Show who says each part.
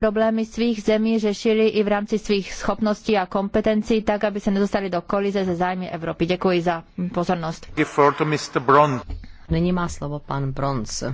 Speaker 1: problémy svých zemí řešili i v rámci svých schopností a kompetencí, tak aby se nedostali do kolize ze zájmy Evropy. Děkuji za pozornost. Nyní má slovo pan Bronz.